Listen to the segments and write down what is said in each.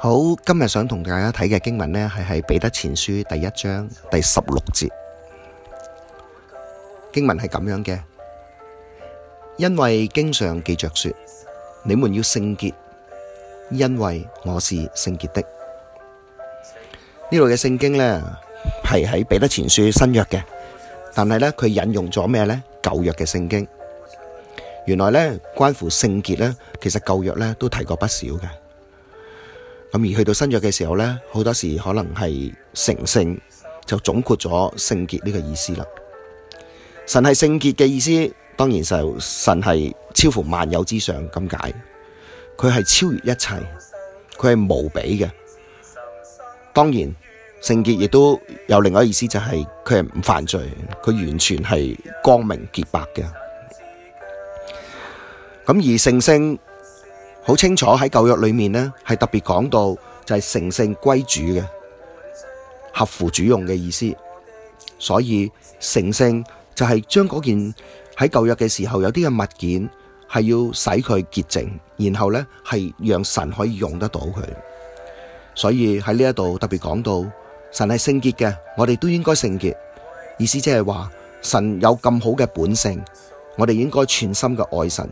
好，今日想同大家睇嘅經文呢，係喺彼得前書第一章第十六節，經文係咁樣嘅，因為經上記着說，你們要聖潔，因為我是聖潔的。呢度嘅聖經呢，係喺彼得前書新約嘅，但係呢佢引用咗咩呢？舊約嘅聖經，原來呢關乎聖潔呢，其實舊約呢都提過不少嘅。咁而去到新約嘅時候呢，好多時可能係成聖就總括咗聖潔呢個意思啦。神係聖潔嘅意思，當然就神係超乎萬有之上咁解，佢係超越一切，佢係無比嘅。當然聖潔亦都有另外一個意思，就係佢係唔犯罪，佢完全係光明潔白嘅。咁而成聖。好清楚喺舊約裏面呢，係特別講到就係成聖歸主嘅，合乎主用嘅意思。所以成聖就係將嗰件喺舊約嘅時候有啲嘅物件，係要使佢潔淨，然後呢，係讓神可以用得到佢。所以喺呢一度特別講到，神係聖潔嘅，我哋都應該聖潔。意思即係話神有咁好嘅本性，我哋應該全心嘅愛神。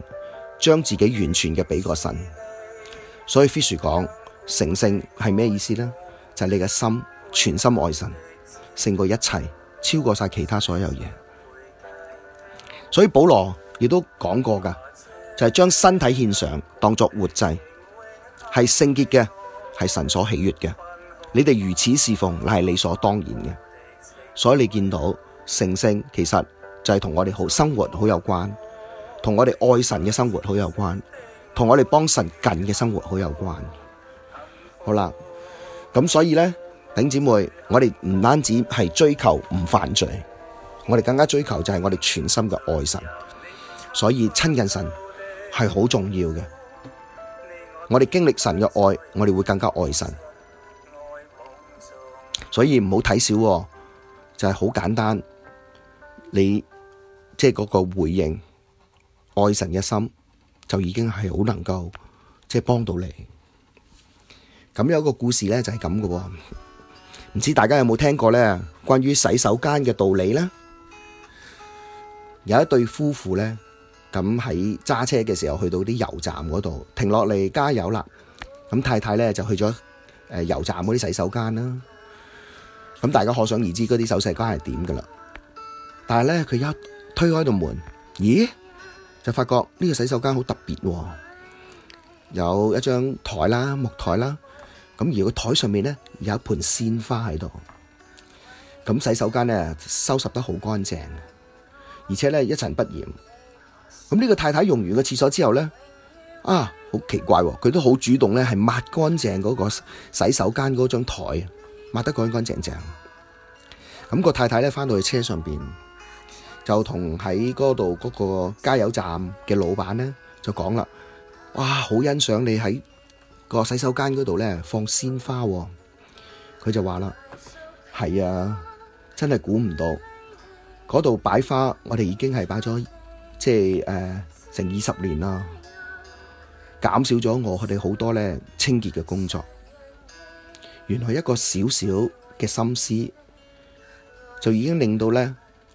將自己完全嘅畀個神，所以 fisher 講聖性係咩意思呢？就是你嘅心全心愛神，勝過一切，超過晒，其他所有嘢。所以保羅亦都講過㗎，就係將身體獻上，當作活祭，是聖潔嘅，是神所喜悅嘅。你哋如此侍奉，乃是理所當然嘅。所以你見到聖性，其實就是同我哋好生活好有關。同我哋愛神嘅生活好有關，同我哋幫神近嘅生活好有關。好啦，咁所以咧，頂姊妹，我哋唔單止係追求唔犯罪，我哋更加追求就係我哋全心嘅愛神。所以親近神係好重要嘅。我哋經歷神嘅愛，我哋會更加愛神。所以唔好睇小，就係、是、好簡單，你即係嗰個回應。愛神嘅心就已經係好能夠即係幫到你。咁有一個故事咧就係咁嘅，唔知大家有冇聽過咧？關於洗手間嘅道理咧，有一對夫婦咧，咁喺揸車嘅時候去到啲油站嗰度停落嚟，加油啦。咁太太咧就去咗誒，油站嗰啲洗手間啦。咁大家可想而知嗰啲洗手間係點噶啦。但係咧佢一推開度門，咦？就發覺呢個洗手間好特別，哦，有一張台啦，木台啦，咁而個台上面咧有一盆鮮花喺度，咁洗手間咧收拾得好乾淨，而且咧一塵不染。咁、這、呢個太太用完個廁所之後咧，啊，好奇怪，哦，佢都好主動咧係抹乾淨嗰個洗手間嗰張台，抹得乾乾淨淨。咁個太太咧翻到去車上邊。就同喺嗰度嗰個加油站嘅老闆咧，就講啦，哇，好欣賞你喺個洗手間嗰度咧放鮮花、哦。佢就話啦：係啊，真係估唔到嗰度擺花，我哋已經係擺咗即係、呃、成二十年啦，減少咗我哋好多咧清潔嘅工作。原來一個小小嘅心思，就已經令到咧。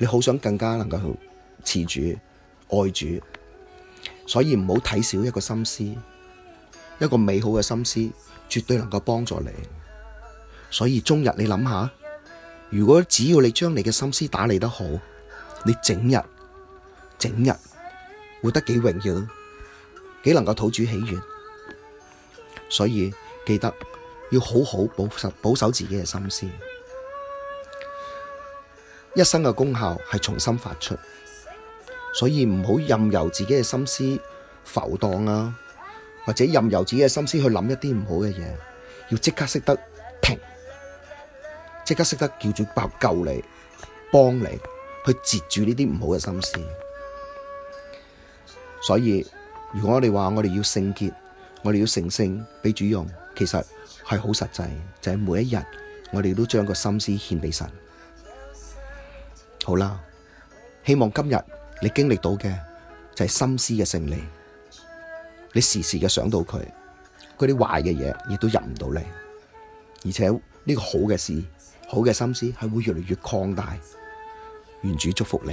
你好想更加能夠侍主愛主，所以唔好睇少一個心思，一個美好嘅心思絕對能夠幫助你。所以終日你諗下，如果只要你將你嘅心思打理得好，你整日整日活得幾榮耀，幾能夠討主喜悅。所以記得要好好保守保守自己嘅心思。一生嘅功效係重新發出，所以唔好任由自己嘅心思浮蕩啊，或者任由自己嘅心思去諗一啲唔好嘅嘢，要即刻識得停，即刻識得叫主救你，幫你去截住呢啲唔好嘅心思。所以如果說我哋話我哋要聖潔，我哋要成聖畀主用，其實係好實際，就係、是、每一日我哋都將個心思獻畀神。好啦，希望今日你經歷到嘅就係心思嘅勝利，你時時嘅想到佢，佢啲壞嘅嘢，亦都入唔到嚟，而且呢個好嘅事，好嘅心思係會越嚟越擴大，願主祝福你。